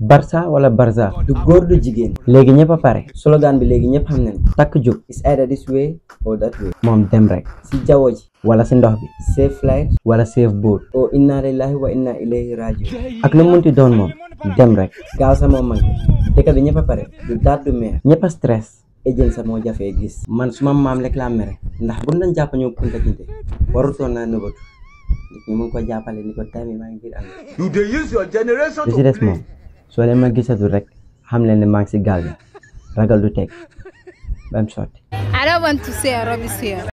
Barça wala barsa du góor du jigéen léegi ñëpp a pare slogan bi léegi ñëpp xam nañ takk jóg is either this way moom dem rek si jaww ji wala si ndox bi safe flight wala safe boat o inna lillahi wa inna ilayhi rajiun ak lu munti doon moom dem rek gaaw sa moom manqué dëkk bi ñëpp a pare du daat du meer ñëpp a stress ejeen sa moo jafee gis man suma maam rek laa mere ndax bu nañ jàpp ñoo Kunta Kinte warutoon naa nëbatu nit ko jàppale ni ko tamit maa ngi biir si des moom soo leen ma gisatu rek xam leen ne maa ngi si gaal bi ragal du teg ba mu sotti. I don't want to say rubbish here.